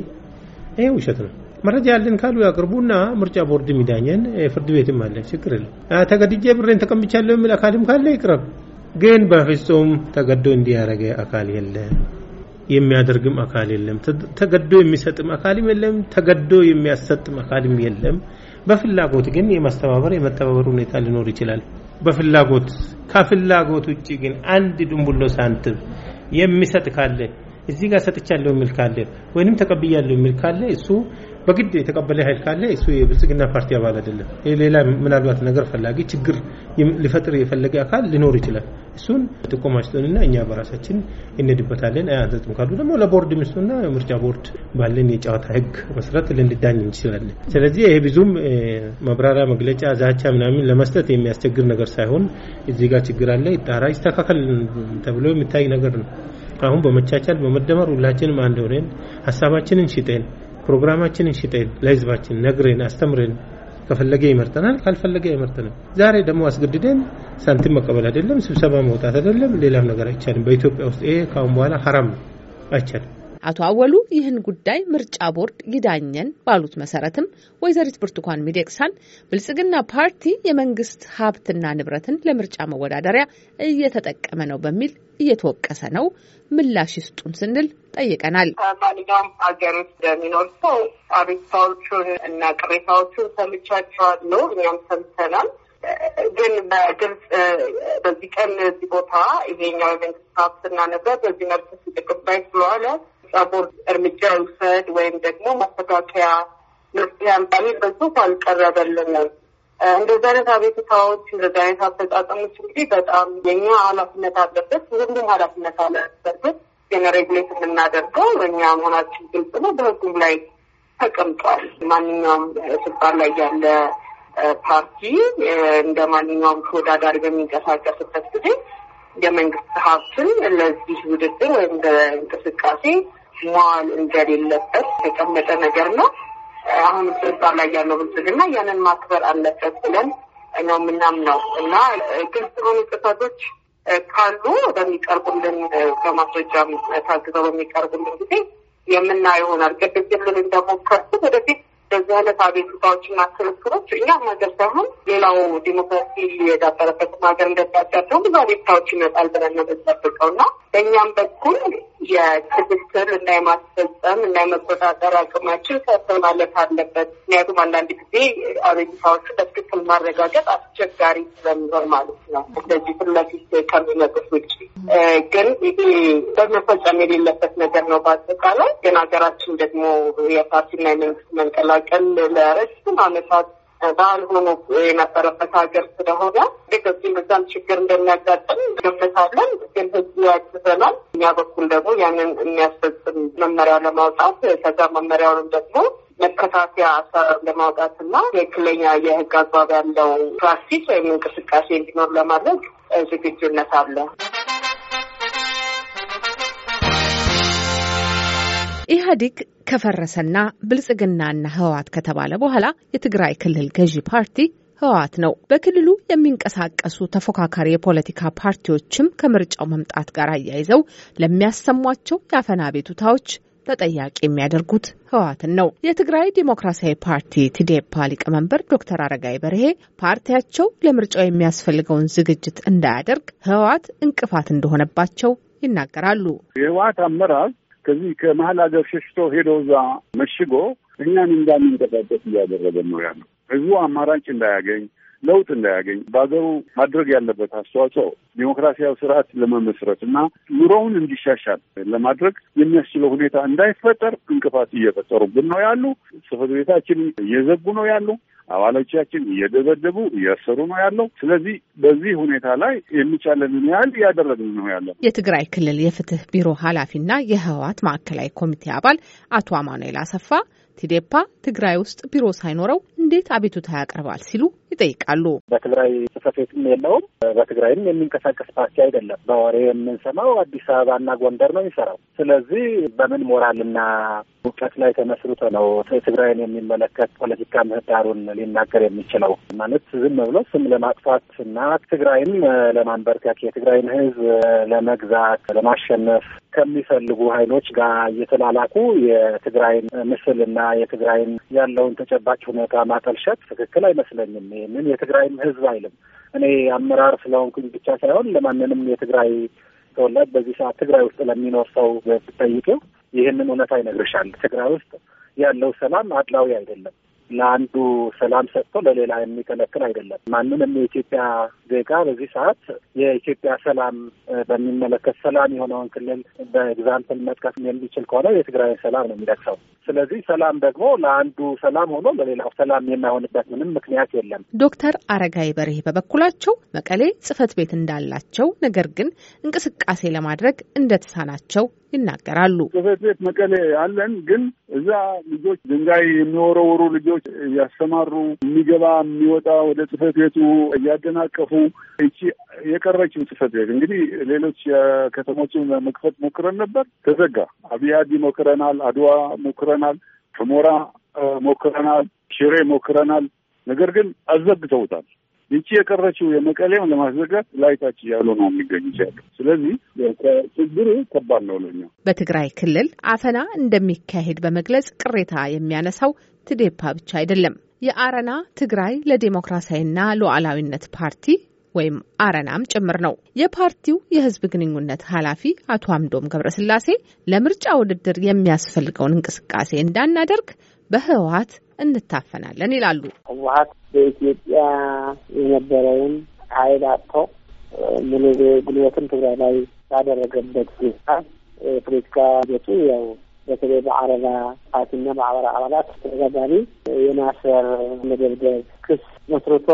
ይሄ ውሸት ነው። መረጃ ያለን ካሉ ያቅርቡና ምርጫ ቦርድ የሚዳኘን ፍርድ ቤትም አለ ችግር የለም። ተገድጄ ብሬን ተቀምቻለሁ የሚል አካልም ካለ ይቅረብ። ግን በፍጹም ተገዶ እንዲያደረገ አካል የለም። የሚያደርግም አካል የለም። ተገዶ የሚሰጥም አካልም የለም። ተገዶ የሚያሰጥም አካልም የለም። በፍላጎት ግን የማስተባበር የመተባበር ሁኔታ ሊኖር ይችላል። በፍላጎት ከፍላጎት ውጭ ግን አንድ ድንቡሎ ሳንቲም የሚሰጥ ካለ እዚህ ጋር ሰጥቻለሁ የሚል ካለ ወይንም ተቀብያለሁ የሚል ካለ እሱ በግድ የተቀበለ ኃይል ካለ እሱ የብልጽግና ፓርቲ አባል አይደለም። ሌላ ምናልባት ነገር ፈላጊ ችግር ሊፈጥር የፈለገ አካል ሊኖር ይችላል። እሱን ጥቆማ ስጡንና እኛ በራሳችን እንሄድበታለን። አንሰጥም ካሉ ደግሞ ለቦርድ ምስጡና ምርጫ ቦርድ ባለን የጨዋታ ህግ መሰረት ልንዳኝ እንችላለን። ስለዚህ ይሄ ብዙም መብራሪያ፣ መግለጫ፣ ዛቻ ምናምን ለመስጠት የሚያስቸግር ነገር ሳይሆን እዚህ ጋር ችግር አለ ይጣራ፣ ይስተካከል ተብሎ የሚታይ ነገር ነው። አሁን በመቻቻል በመደመር ሁላችንም አንድ ሆነን ሀሳባችንን ሽጠን ፕሮግራማችንን ሽጠን ለህዝባችን ነግረን አስተምረን ከፈለገ ይመርጠናል፣ ካልፈለገ አይመርጠንም። ዛሬ ደግሞ አስገድደን ሳንቲም መቀበል አይደለም፣ ስብሰባ መውጣት አይደለም፣ ሌላም ነገር አይቻልም። በኢትዮጵያ ውስጥ ይሄ ካሁን በኋላ ሀራም ነው፣ አይቻልም። አቶ አወሉ ይህን ጉዳይ ምርጫ ቦርድ ይዳኘን ባሉት መሰረትም ወይዘሪት ብርቱካን ሚደቅሳን ብልጽግና ፓርቲ የመንግስት ሀብትና ንብረትን ለምርጫ መወዳደሪያ እየተጠቀመ ነው በሚል እየተወቀሰ ነው፣ ምላሽ ይስጡን ስንል ጠይቀናል። በማንኛውም ሀገር ውስጥ የሚኖር ሰው አቤቱታዎቹን እና ቅሬታዎቹን ሰምቻቸዋለሁ፣ እኛም ሰምተናል። ግን በግልጽ በዚህ ቀን እዚህ ቦታ ይሄኛው የመንግስት ሀብትና ነገር በዚህ መልክ ሲጠቅባይ ስለዋለ ቦርድ እርምጃ ይውሰድ ወይም ደግሞ ማስተካከያ መፍትሄ አምጣሚ በጽሁፍ አልቀረበልንም። እንደዚህ አይነት አቤቱታዎች እንደዚህ አይነት አፈጻጸሞች እንግዲህ በጣም የኛ ኃላፊነት አለበት። ሁሉም ኃላፊነት አለበት። ግን ሬጉሌት የምናደርገው እኛ መሆናችን ግልጽ ነው። በህጉም ላይ ተቀምጧል። ማንኛውም ስልጣን ላይ ያለ ፓርቲ እንደ ማንኛውም ተወዳዳሪ በሚንቀሳቀስበት ጊዜ የመንግስት ሀብትን ለዚህ ውድድር ወይም ለእንቅስቃሴ መዋል እንደሌለበት የተቀመጠ ነገር ነው። አሁን ስልጣን ላይ ያለው ብልጽግና ያንን ማክበር አለበት ብለን ነው የምናምነው እና ግልጽ የሆኑ ጥሰቶች ካሉ በሚቀርቡልን በማስረጃም ታግዘው በሚቀርቡልን ጊዜ የምናየው ይሆናል። ቅድም እንደሞከርኩት ወደፊት በዚህ አይነት አቤቱታዎችና ክርክሮች እኛም ሀገር ሳይሆን ሌላው ዲሞክራሲ የዳበረበት ሀገር እንደዳዳቸው ብዙ አቤቱታዎች ይመጣል ብለን ነው የምንጠብቀው እና በእኛም በኩል የክርክር እና የማስፈጸም እና የመቆጣጠር አቅማችን ከፍ ማለት አለበት። ምክንያቱም አንዳንድ ጊዜ አቤቱታዎቹ በትክክል ማረጋገጥ አስቸጋሪ ስለሚሆን ማለት ነው እንደዚህ ፊት ለፊት ከሚመጡት ውጭ ግን በመፈጸም የሌለበት ነገር ነው። በአጠቃላይ ግን ሀገራችን ደግሞ የፓርቲና የመንግስት መንቀላ ቀን ለረጅም ዓመታት ባህል ሆኖ የነበረበት ሀገር ስለሆነ እንደገዚህም መዛም ችግር እንደሚያጋጥም ገምታለን። ግን ህግ ያግዘናል። እኛ በኩል ደግሞ ያንን የሚያስፈጽም መመሪያ ለማውጣት ከዛ መመሪያውንም ደግሞ መከታተያ አሰራር ለማውጣት እና ትክክለኛ የህግ አግባብ ያለው ፕራክቲስ ወይም እንቅስቃሴ እንዲኖር ለማድረግ ዝግጁነት አለ። ኢህአዴግ ከፈረሰና ብልጽግናና ህወሓት ከተባለ በኋላ የትግራይ ክልል ገዢ ፓርቲ ህወሓት ነው። በክልሉ የሚንቀሳቀሱ ተፎካካሪ የፖለቲካ ፓርቲዎችም ከምርጫው መምጣት ጋር አያይዘው ለሚያሰሟቸው የአፈና ቤቱታዎች ተጠያቂ የሚያደርጉት ህወሓትን ነው። የትግራይ ዴሞክራሲያዊ ፓርቲ ቲዴፓ ሊቀመንበር ዶክተር አረጋይ በርሄ ፓርቲያቸው ለምርጫው የሚያስፈልገውን ዝግጅት እንዳያደርግ ህወሓት እንቅፋት እንደሆነባቸው ይናገራሉ። የህወሓት አመራር ከዚህ ከመሀል ሀገር ሸሽቶ ሄዶ እዛ መሽጎ እኛን እንዳንንቀሳቀስ እያደረገ ነው ያለው። ህዝቡ አማራጭ እንዳያገኝ ለውጥ እንዳያገኝ በሀገሩ ማድረግ ያለበት አስተዋጽኦ ዲሞክራሲያዊ ስርዓት ለመመስረት እና ኑሮውን እንዲሻሻል ለማድረግ የሚያስችለው ሁኔታ እንዳይፈጠር እንቅፋት እየፈጠሩብን ነው ያሉ። ጽሕፈት ቤታችን እየዘጉ ነው ያሉ። አባሎቻችን እየደበደቡ እያሰሩ ነው ያለው። ስለዚህ በዚህ ሁኔታ ላይ የሚቻለንን ያህል እያደረግን ነው ያለው። የትግራይ ክልል የፍትህ ቢሮ ኃላፊና የህወሓት ማዕከላዊ ኮሚቴ አባል አቶ አማኑኤል አሰፋ ቲዴፓ ትግራይ ውስጥ ቢሮ ሳይኖረው እንዴት አቤቱታ ያቀርባል ሲሉ ይጠይቃሉ። በትግራይ ጽሕፈት ቤትም የለውም። በትግራይም የሚንቀሳቀስ ፓርቲ አይደለም። በወሬ የምንሰማው አዲስ አበባና ጎንደር ነው የሚሰራው። ስለዚህ በምን ሞራልና እውቀት ላይ ተመስርቶ ነው ትግራይን የሚመለከት ፖለቲካ ምህዳሩን ሊናገር የሚችለው? ማለት ዝም ብሎ ስም ለማጥፋት እና ትግራይም ለማንበርከክ የትግራይን ሕዝብ ለመግዛት ለማሸነፍ ከሚፈልጉ ኃይሎች ጋር እየተላላኩ የትግራይን ምስል ። የትግራይን ያለውን ተጨባጭ ሁኔታ ማጠልሸት ትክክል አይመስለኝም። ይህንን የትግራይም ህዝብ አይልም። እኔ አመራር ስለሆንኩኝ ብቻ ሳይሆን ለማንንም የትግራይ ተወላጅ በዚህ ሰዓት ትግራይ ውስጥ ለሚኖር ሰው ስትጠይቂው ይህንን እውነት አይነግርሻል። ትግራይ ውስጥ ያለው ሰላም አድላዊ አይደለም። ለአንዱ ሰላም ሰጥቶ ለሌላ የሚከለክል አይደለም። ማንንም የኢትዮጵያ ዜጋ በዚህ ሰዓት የኢትዮጵያ ሰላም በሚመለከት ሰላም የሆነውን ክልል በኤግዛምፕል መጥቀስ የሚችል ከሆነ የትግራይን ሰላም ነው የሚጠቅሰው። ስለዚህ ሰላም ደግሞ ለአንዱ ሰላም ሆኖ ለሌላው ሰላም የማይሆንበት ምንም ምክንያት የለም። ዶክተር አረጋይ በርሄ በበኩላቸው መቀሌ ጽህፈት ቤት እንዳላቸው ነገር ግን እንቅስቃሴ ለማድረግ እንደተሳናቸው ይናገራሉ። ጽህፈት ቤት መቀሌ አለን፣ ግን እዛ ልጆች ድንጋይ የሚወረውሩ ልጆች እያስተማሩ የሚገባ የሚወጣ ወደ ጽህፈት ቤቱ እያደናቀፉ እቺ የቀረችው ጽህፈት ቤት እንግዲህ ሌሎች ከተሞችን መክፈት ሞክረን ነበር፣ ተዘጋ። አብያዲ ሞክረናል፣ አድዋ ሞክረናል፣ ሑመራ ሞክረናል፣ ሽሬ ሞክረናል። ነገር ግን አዘግተውታል። ይቺ የቀረችው የመቀሌም ለማስዘጋት ላይታች እያሉ ነው የሚገኙ ያሉ። ስለዚህ ችግሩ ከባድ ነው ለኛ። በትግራይ ክልል አፈና እንደሚካሄድ በመግለጽ ቅሬታ የሚያነሳው ትዴፓ ብቻ አይደለም። የአረና ትግራይ ለዴሞክራሲያዊና ሉዓላዊነት ፓርቲ ወይም አረናም ጭምር ነው። የፓርቲው የህዝብ ግንኙነት ኃላፊ አቶ አምዶም ገብረስላሴ ለምርጫ ውድድር የሚያስፈልገውን እንቅስቃሴ እንዳናደርግ በህወሀት እንታፈናለን ይላሉ። ህወሀት በኢትዮጵያ የነበረውን ሀይል አጥቶ ሙሉ ጉልበትን ትግራይ ላይ ባደረገበት ሁኔታ የፖለቲካ ቤቱ ያው በተለይ በአረባ ፓርቲና በአበራ አባላት ተደጋጋሚ የማሰር መደብደብ ክስ መስርቶ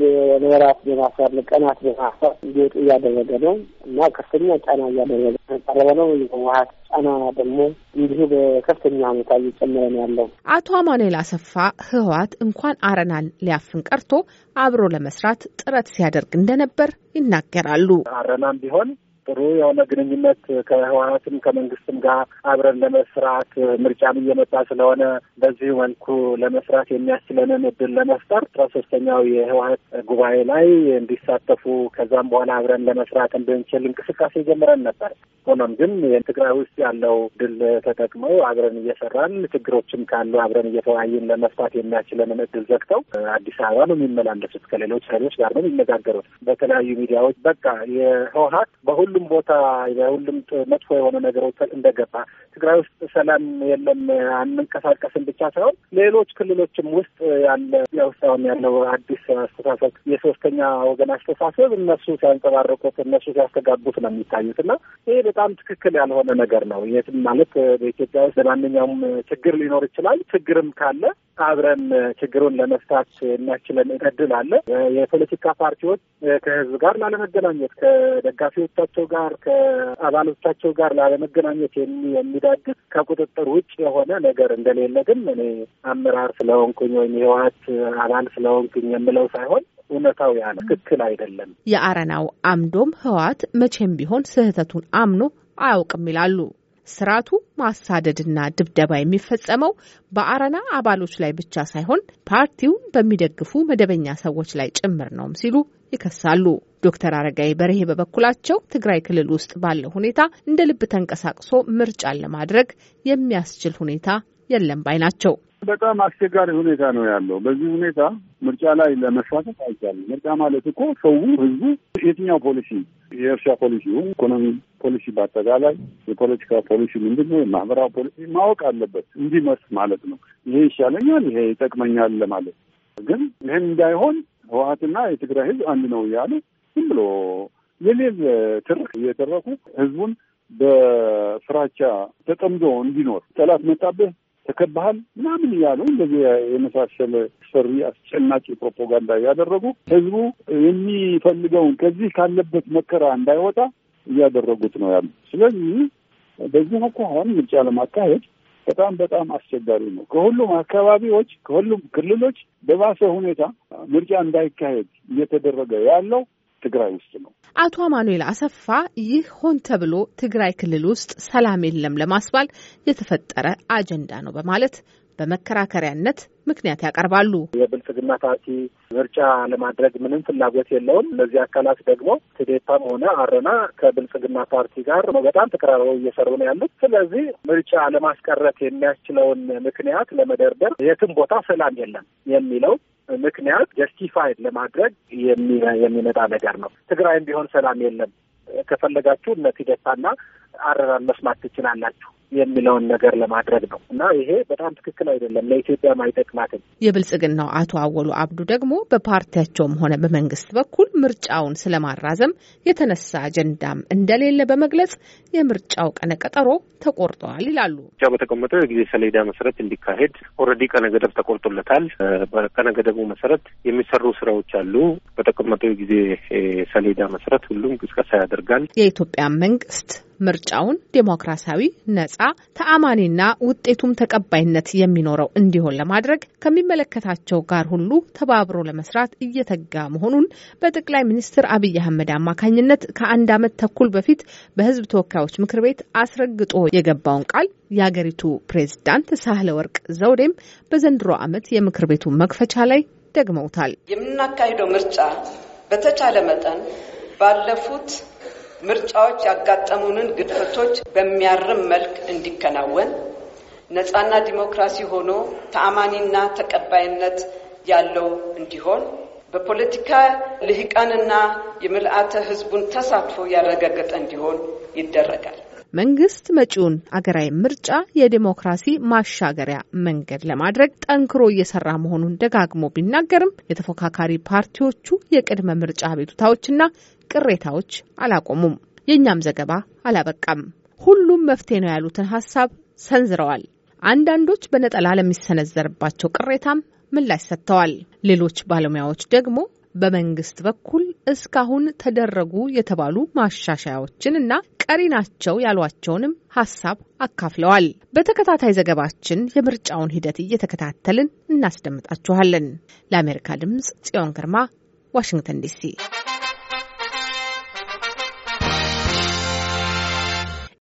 የወራት በማሰር ቀናት በማሰር እንዲወጡ እያደረገ ነው እና ከፍተኛ ጫና እያደረገ ቀረበ ነው። የህወሀት ጫና ደግሞ እንዲሁ በከፍተኛ ሁኔታ እየጨመረ ነው ያለው። አቶ አማኑኤል አሰፋ ህወሀት እንኳን አረናን ሊያፍን ቀርቶ አብሮ ለመስራት ጥረት ሲያደርግ እንደነበር ይናገራሉ። አረናም ቢሆን ጥሩ የሆነ ግንኙነት ከህወሀትም ከመንግስትም ጋር አብረን ለመስራት ምርጫም እየመጣ ስለሆነ በዚህ መልኩ ለመስራት የሚያስችለንን እድል ለመፍጠር አስራ ሶስተኛው የህወሀት ጉባኤ ላይ እንዲሳተፉ ከዛም በኋላ አብረን ለመስራት እንድንችል እንቅስቃሴ ጀምረን ነበር። ሆኖም ግን ትግራይ ውስጥ ያለው ድል ተጠቅመው አብረን እየሰራን ችግሮችም ካሉ አብረን እየተወያየን ለመፍታት የሚያስችለንን እድል ዘግተው አዲስ አበባ ነው የሚመላለሱት። ከሌሎች ኃይሎች ጋር ነው የሚነጋገሩት። በተለያዩ ሚዲያዎች በቃ የህወሀት በሁ ሁሉም ቦታ ሁሉም መጥፎ የሆነ ነገሮች እንደገባ ትግራይ ውስጥ ሰላም የለም አንንቀሳቀስም ብቻ ሳይሆን ሌሎች ክልሎችም ውስጥ ያለ ውስጥ አሁን ያለው አዲስ አስተሳሰብ የሶስተኛ ወገን አስተሳሰብ እነሱ ሲያንጸባርቁት እነሱ ሲያስተጋቡት ነው የሚታዩት እና ይሄ በጣም ትክክል ያልሆነ ነገር ነው። የትም ማለት በኢትዮጵያ ውስጥ ለማንኛውም ችግር ሊኖር ይችላል። ችግርም ካለ አብረን ችግሩን ለመፍታት የሚያስችለን እድል አለ። የፖለቲካ ፓርቲዎች ከህዝብ ጋር ላለመገናኘት፣ ከደጋፊዎቻቸው ጋር ከአባሎቻቸው ጋር ላለመገናኘት የሚዳግስ ከቁጥጥር ውጭ የሆነ ነገር እንደሌለ ግን እኔ አመራር ስለሆንኩኝ ወይም የህወሀት አባል ስለሆንኩኝ የምለው ሳይሆን እውነታው ያ ትክክል አይደለም። የአረናው አምዶም ህወሀት መቼም ቢሆን ስህተቱን አምኖ አያውቅም ይላሉ። ስርዓቱ ማሳደድና ድብደባ የሚፈጸመው በአረና አባሎች ላይ ብቻ ሳይሆን ፓርቲውን በሚደግፉ መደበኛ ሰዎች ላይ ጭምር ነውም ሲሉ ይከሳሉ። ዶክተር አረጋይ በርሄ በበኩላቸው ትግራይ ክልል ውስጥ ባለው ሁኔታ እንደ ልብ ተንቀሳቅሶ ምርጫን ለማድረግ የሚያስችል ሁኔታ የለም ባይ ናቸው። በጣም አስቸጋሪ ሁኔታ ነው ያለው። በዚህ ሁኔታ ምርጫ ላይ ለመሳተፍ አይቻልም። ምርጫ ማለት እኮ ሰው፣ ህዝቡ የትኛው ፖሊሲ የእርሻ ፖሊሲ፣ ኢኮኖሚ ፖሊሲ፣ በአጠቃላይ የፖለቲካ ፖሊሲ ምንድን ነው፣ የማህበራዊ ፖሊሲ ማወቅ አለበት እንዲመርስ ማለት ነው። ይሄ ይሻለኛል፣ ይሄ ይጠቅመኛል ለማለት ግን ይህን እንዳይሆን ህወሀትና የትግራይ ህዝብ አንድ ነው እያሉ ዝም ብሎ የሌለ ትርክ እየተረኩ ህዝቡን በፍራቻ ተጠምዶ እንዲኖር ጠላት መጣብህ ተከባሃል ምናምን እያሉ እንደዚህ የመሳሰለ ሰሪ አስጨናቂ ፕሮፓጋንዳ እያደረጉ ህዝቡ የሚፈልገውን ከዚህ ካለበት መከራ እንዳይወጣ እያደረጉት ነው ያሉ። ስለዚህ በዚህ አኳኋን ምርጫ ለማካሄድ በጣም በጣም አስቸጋሪ ነው። ከሁሉም አካባቢዎች ከሁሉም ክልሎች በባሰ ሁኔታ ምርጫ እንዳይካሄድ እየተደረገ ያለው ትግራይ ውስጥ ነው። አቶ አማኑኤል አሰፋ ይህ ሆን ተብሎ ትግራይ ክልል ውስጥ ሰላም የለም ለማስባል የተፈጠረ አጀንዳ ነው በማለት በመከራከሪያነት ምክንያት ያቀርባሉ። የብልጽግና ፓርቲ ምርጫ ለማድረግ ምንም ፍላጎት የለውም። እነዚህ አካላት ደግሞ ትዴታም ሆነ አረና ከብልጽግና ፓርቲ ጋር በጣም ተቀራርበው እየሰሩ ነው ያሉት። ስለዚህ ምርጫ ለማስቀረት የሚያስችለውን ምክንያት ለመደርደር የትም ቦታ ሰላም የለም የሚለው ምክንያት ጀስቲፋይድ ለማድረግ የሚመጣ ነገር ነው። ትግራይም ቢሆን ሰላም የለም። ከፈለጋችሁ እነ ፒዴፓና አረራን መስማት ትችላላችሁ የሚለውን ነገር ለማድረግ ነው እና ይሄ በጣም ትክክል አይደለም፣ ለኢትዮጵያ አይጠቅማትም። የብልጽግናው አቶ አወሉ አብዱ ደግሞ በፓርቲያቸውም ሆነ በመንግስት በኩል ምርጫውን ስለማራዘም የተነሳ አጀንዳም እንደሌለ በመግለጽ የምርጫው ቀነ ቀጠሮ ተቆርጠዋል ይላሉ። ምርጫው በተቀመጠው የጊዜ ሰሌዳ መሰረት እንዲካሄድ ኦልሬዲ ቀነ ገደብ ተቆርጦለታል። በቀነ ገደቡ መሰረት የሚሰሩ ስራዎች አሉ። በተቀመጠው የጊዜ ሰሌዳ መሰረት ሁሉም ቅስቀሳ ያደርጋል። የኢትዮጵያ መንግስት ምርጫውን ዴሞክራሲያዊ፣ ነጻ፣ ተአማኒና ውጤቱም ተቀባይነት የሚኖረው እንዲሆን ለማድረግ ከሚመለከታቸው ጋር ሁሉ ተባብሮ ለመስራት እየተጋ መሆኑን በጠቅላይ ሚኒስትር አብይ አህመድ አማካኝነት ከአንድ ዓመት ተኩል በፊት በህዝብ ተወካዮች ምክር ቤት አስረግጦ የገባውን ቃል የአገሪቱ ፕሬዝዳንት ሳህለ ወርቅ ዘውዴም በዘንድሮ ዓመት የምክር ቤቱ መክፈቻ ላይ ደግመውታል። የምናካሂደው ምርጫ በተቻለ መጠን ባለፉት ምርጫዎች ያጋጠሙንን ግድፈቶች በሚያርም መልክ እንዲከናወን ነፃና ዲሞክራሲ ሆኖ ተአማኒና ተቀባይነት ያለው እንዲሆን በፖለቲካ ልሂቃንና የምልአተ ሕዝቡን ተሳትፎ ያረጋገጠ እንዲሆን ይደረጋል። መንግስት መጪውን አገራዊ ምርጫ የዲሞክራሲ ማሻገሪያ መንገድ ለማድረግ ጠንክሮ እየሰራ መሆኑን ደጋግሞ ቢናገርም የተፎካካሪ ፓርቲዎቹ የቅድመ ምርጫ አቤቱታዎችና ቅሬታዎች አላቆሙም። የእኛም ዘገባ አላበቃም። ሁሉም መፍትሄ ነው ያሉትን ሀሳብ ሰንዝረዋል። አንዳንዶች በነጠላ ለሚሰነዘርባቸው ቅሬታም ምላሽ ሰጥተዋል። ሌሎች ባለሙያዎች ደግሞ በመንግስት በኩል እስካሁን ተደረጉ የተባሉ ማሻሻያዎችን እና ቀሪ ናቸው ያሏቸውንም ሀሳብ አካፍለዋል። በተከታታይ ዘገባችን የምርጫውን ሂደት እየተከታተልን እናስደምጣችኋለን። ለአሜሪካ ድምጽ ጽዮን ግርማ ዋሽንግተን ዲሲ